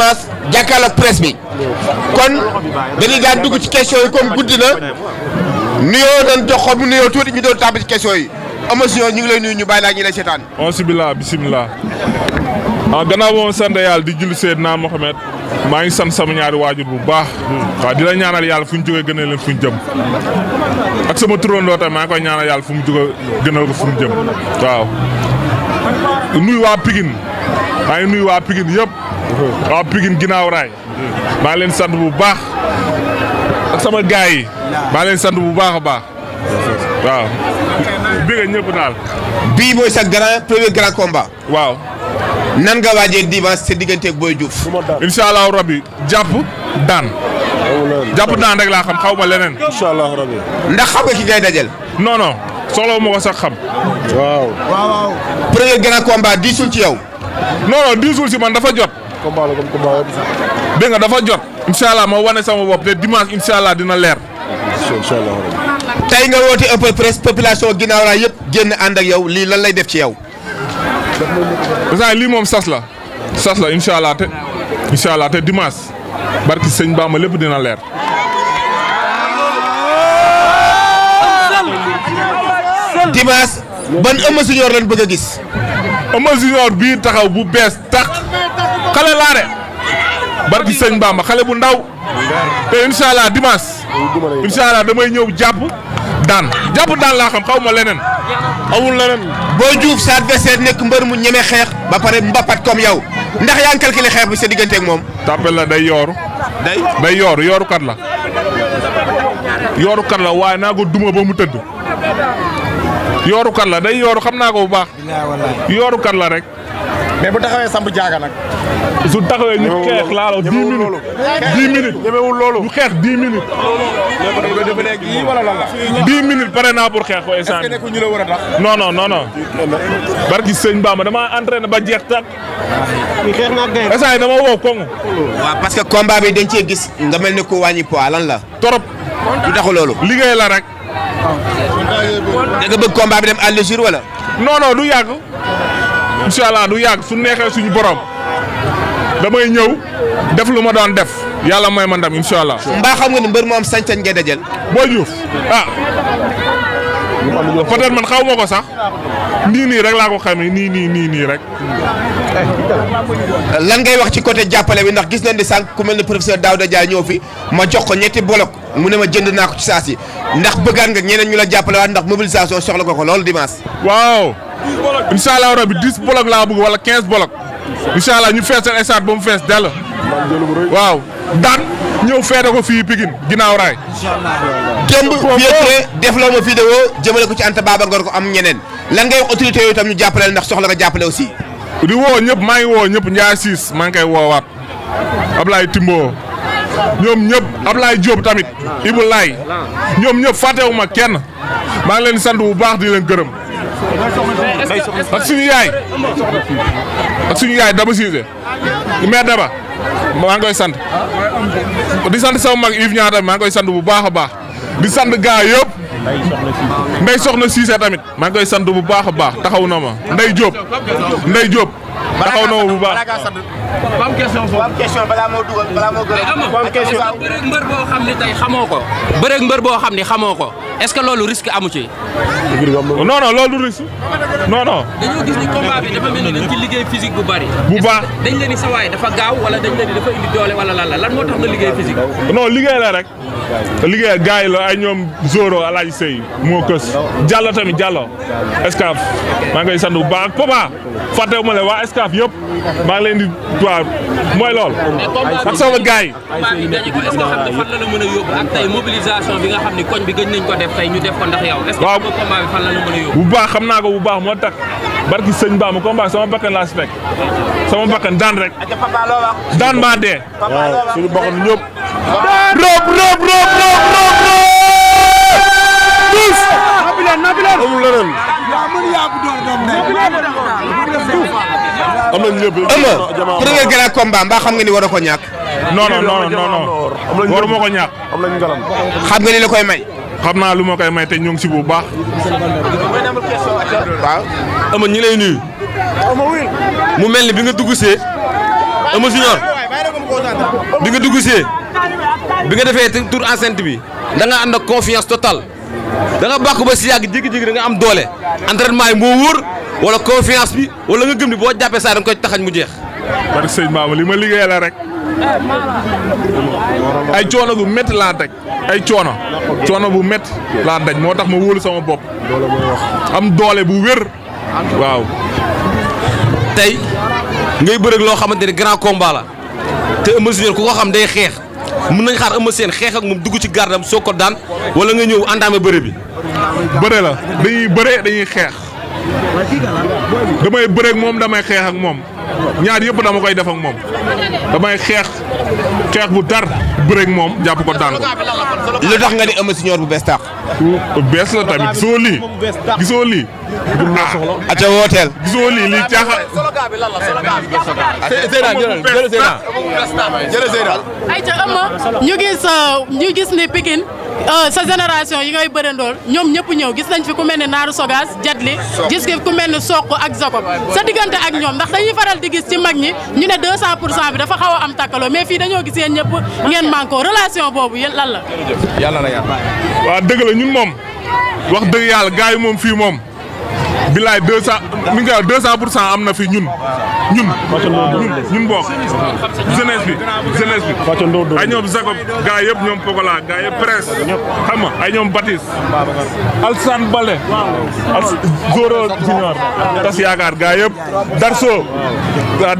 Casamance jàkkaarloo ak presse bi kon dañuy daan dugg ci question yi comme guddi na nuyoo doon jox xob ñu doon tàmb ci question yi émission ñu ngi lay nuyu ñu bàyyi laa ñu lay seetaan. bisimilah bisimilah. ah gannaaw moom sant yàlla di julli Seydina Mohamed maa ngi sant sama ñaari waajur bu baax. waaw di la ñaanal yàlla fu ñu jógee gënal leen fu ñu jëm. ak sama turandoo tamit maa ngi koy ñaanal yàlla fu mu jógee gënal ko fu mu jëm waaw. nuyu waa Pikine maa ngi nuyu waa Pikine yëpp. waa Pikine ginnaaw raay maa leen sant bu baax sama gaay yi maa leen sant bu baax a baax waaw bëgg ñëpp daal bii mooy sa grand premier grand combat waaw nan nga waajee dimanche sa digganteeg Boy Diouf incha rabbi jàpp daan jàpp daan rek laa xam xaw ma leneen incha ndax xam nga ki ngay dajel non non soxlawu xam waaw waaw premier diisul ci yow non diisul ci man dafa jot combat la comme combat bi nga dafa jot inshallah ma wone sama bop te dimanche inshallah dina leer inshallah tay nga woote peu press population ginnaaw la yëpp génn ànd ak yow li lan lay def ci yow sa li mom sas la sas la inshallah te inshallah te dimanche barki seigne bama lepp dina leer dimanche ban Eumeu Junior lan bëgg gis Eumeu Junior bi taxaw bu bes tak. xale laa de barki sëñ Bamba xale bu ndaw te incha allah dimanche damay ñëw jàpp daan jàpp daan laa xam xaw ma leneen. amul leneen. boo juuf sa adversaire nekk mbër mu ñeme xeex ba pare mbapat comme yow ndax yaa ngi calculé xeex bi sa diggante ak moom. tàppel la day yooru. day day yooru yooru kat la. yooru kat la waaye naa ko duma ba mu tëdd. yooru kat la day yooru xam naa ko bu baax. yooru kat la rek. mais bu taxawé samp jaaga nak su taxawé ñu xex laalo 10 minutes 10 minutes demewul lolu ñu xex 10 minutes lolu ko def nek yi wala lan la 10 minutes paré na pour xex ko est ce que ñu la wara tax non non non non barki seigne bama dama entraîner ba jeex tak ni xex na gay essane dama wo kongu wa parce que combat bi dañ ci gis nga melni ko wañi poids lan la torop du taxu lolu liggéey la rek da nga bëgg combat bi dem à l'usure wala non non du yag inshallah du yag su nexe suñu borom damay ñew def lu ma doon def yalla may man dam inshallah mba xam nga ni mbeur mo am sañ-sañ ngay dajal. Boy ah. peut-être man xawmako sax ni ni rek la ko xamee ni ni ni ni rek. lan ngay wax ci côté jappalé bi ndax gis nañ ni sank ku melni professeur Daouda Dia ñëw fi ma jox ko ñetti bolok mu ne ma jënd na ko ci saasi ndax bëggaan nga ñeneen ñu la jappalé wa ndax mobilisation soxla ko ko lool dimanche. waaw inshallah rabbi 10 bolok la bëgg wala 15 bolok inshallah ñu fessel seen bu mu fess dell. waaw daan ñeu fédé ko fi Pikine ginaaw ray demb Vieux def la ma vidéo jëmele ko ci Anta Baba Ngor ko am ñeneen lan ngay autorité yooyu tam ñu jappalé ndax soxla nga jappalé aussi. di wo ñep may wo ñep ñaar 6 Ciss maa wo wat woowaat Ablaye Timbo ñoom ñëpp Ablaye jóob tamit Ibou Laye ñoom ñëpp fàttewuma kenn maa ngi leen sant bu baax di leen gërëm ak suñu yaay ak suñu yaay Daba Cissé mais Daba maa koy sant di sant sama mag Yves Niang maa ngi koy sant bu baax a baax di sant gaa yëpp Ndey Soxna Cissé tamit maa ngi koy sant bu baax a baax taxaw na ma Ndey Diop Ndey Diop taxaw ma bu ba am question foofu. ba moo dugal balaa moo gën a. am question mbër boo xam ne tey xamoo ko. bëreeg mbër boo xam ni xamoo ko. est-ce que loolu risque amu ci. non non loolu du risque. non gis ni combat bi dafa mel ni liggéey physique bu bari. bu baax dañ leen ni sa dafa gaaw wala dañ leen ni dafa indi doole wala lan la lan moo tax nga liggéey physique. non liggéey la rek. liggéey gars la ay ñoom Zoro Alaaji Sey moo kës Diallo tamit Diallo Escaf maa ngi koy sant bu baax ak Papa fàttewu ma leen waa Escaf yëpp maa ngi leen di waaw mooy lool ak sama gars yi. est-ce que xam nga la la mën def tay ñu def barki seigne ba mu combat sama bakkan la spek sama bakkan daan rek daan ba dé suñu bakkan ñop rob rob rob rob rob tous nabilan nabilan amul leneen ya mën ya doom né am nañ premier grand combat mba xam nga ni warako ñak non non non non non waruma ñak xam nga ni la koy may xamna lu ma koy may te ñu ngi si bu baax. waaw. ñi lay nuyu. mu melni bi nga dugg see. ama junior bi nga dugg see bi nga défé tour enceinte bi da nga and confiance total da nga bakku ba si yàgg jékki da nga am doolé entraînement mo moo wala confiance bi wala nga gëm ni bo jappé sa da nga koy taxañ mu jeex. barke que mama li ma liggéey la rek eh, ay coono gu métti laa ay coono coono bu met laa daj moo tax ma wóolu sama bopp am doole bu wér waaw tey ngay bërëg loo xamante ne grand combat la te Eumeu Junior ku ko xam day xeex mën nañ xaar Eumeu Sène xeex moom dugg ci gardam soo ko daan wala nga ñëw àndaame bëre bi bëre la dañuy bëre dañuy xeex damay bëre ak moom damay xeexak moom ñaar yëpp dama koy def ak moom damay xeex xeex bu tar bëreeg moom jàpp ko daan ko. lu tax nga ni Eumeu Junior bu bees bu bees la tamit gisoo lii gisoo lii. ah ate wooteel. gisoo lii lii caaxa. jërëjëf Seydina jërëjëf ñu gis ñu gis ne Pikine Euh, sa génération yi ngay bërandool ñoom ñëpp ñëw gis nañ fi ku mel ne Naaru Sogas Jadli gis nga ku mel ne Sokk ak Jacob sa diggante ak ñoom ndax dañuy faral di gis ci mag ñi ñu ne 200 pour cent bi dafa xaw am takkaloo mais fii dañoo gis yéen ñëpp ngeen manko relation boobu yéen lan la. yàlla na yàlla. dëgg la ñun moom wax dëgg yàlla gars yi moom fii moom bilaay 200 mi ngi koy wax 200 pour cent am na fi ñun. ñun ñun bokk jeunesse bi jeunesse bi ay ñoom Jacob gaa yëpp ñoom Pogola gaa yëpp presse xam nga ay ñoom Baptiste Alsan Bale Zoro Junior tas yaakaar gaa yëpp Darso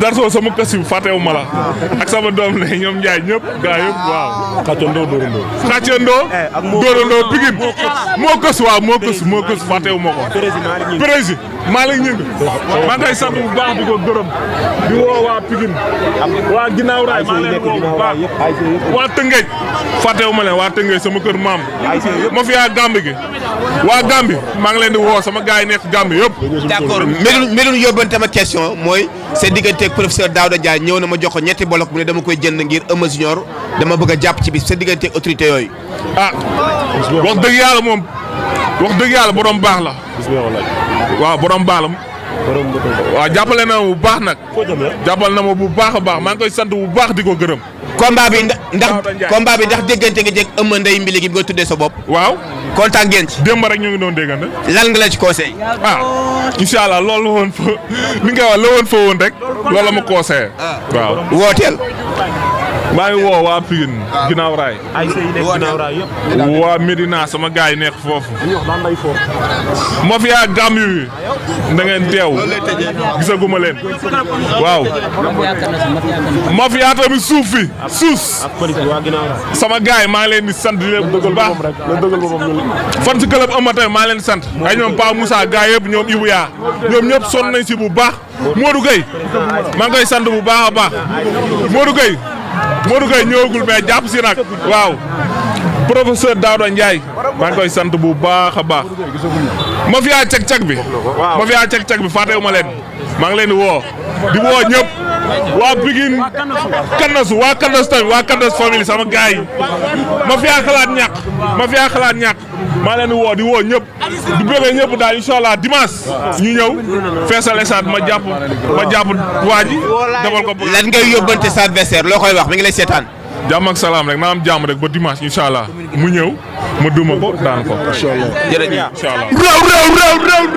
Darso sama kës yu fàttewu ma la sama doom ne ñoom Njaay ñëpp gaa yëpp waaw xàccandoo dóorandoo xàccandoo dóorandoo Pikine moo kës waaw moo kës moo kës fàttewu ma ko président maa lay ñëng maa ngi koy sant bu baax di ko gërëm di woo waa Pikine waa ginnaaw raay maa leen woo bu baax waa Tëngéej fàttewu ma leen waa Tëngéej sama kër maam ma fi yaa Gàmbi gi waa Gàmbi maa ngi leen di woo sama gars yi nekk Gàmbi yëpp d'accord mais lu ñu yóbbante ma question mooy seen digganteeg professeur Daouda Ndiaye ñëw na ma jox ko ñetti bolok mu ne dama koy jënd ngir Eumeu Junior dama bëgg a jàpp ci bis sa digganteeg autorité yooyu ah wax dëgg yàlla moom wax dëgg yàlla borom baax la. waaw borom baax la. waaw jàppale na ma bu baax nag. jàppale na ma bu baax a baax maa ngi koy sant bu baax di ko gërëm. combat bi ndax combat bi ndax déggante nga jég ëmb ndey mbili gi bi nga tuddee sa bopp. waaw kontaan ngeen ci. démb rek ñu ngi doon déggante. lan nga la ci conseil. ah incha lool loolu woon fa li nga wax la woon fa woon rek. loolu la ma conseillé. Ah. wooteel. maa ngi woo waa Pikine ginnaaw waa Medina sama gars yi nekk foofu. mafia Gambie bi da ngeen teew gisaguma leen waaw. mafia tamit suuf fi suus. sama gars yi maa ngi leen sant di leen dëggal baax. fan si club Amathé maa leen sant. ay ñoom Pa Moussa gars yëpp ñoom Ibou Yaa ñoom ñëpp sonn si bu baax Modou Gueye maa ngi koy sant bu baax a baax Modou Gueye. Modou Gueye ñëwagul mais jàpp si nag waaw professeur Daouda Ndiaye maa ngi koy sant bu baax a baax ma fiyaa cag-cag bi ma a cag-cag bi fàttewuma leen maa ngi leen di woo di woo ñëpp waa Pikine kannasu waa kannasu tamit waa kannasu famille sama gars yi ma fi xalaat ñàkk ma fi xalaat ñàkk maa leen di woo di woo ñëpp di bëggee ñëpp daal incha allah dimanche ñu ñëw feesal stade ma jàpp ma jàpp waa ji defal ko lan ngay yóbbante sa adversaire loo koy wax mi ngi lay seetaan jàmm ak salaam rek naam jàmm rek ba dimanche incha allah mu ñëw ma duma ko daan ko. incha allah jërëjëf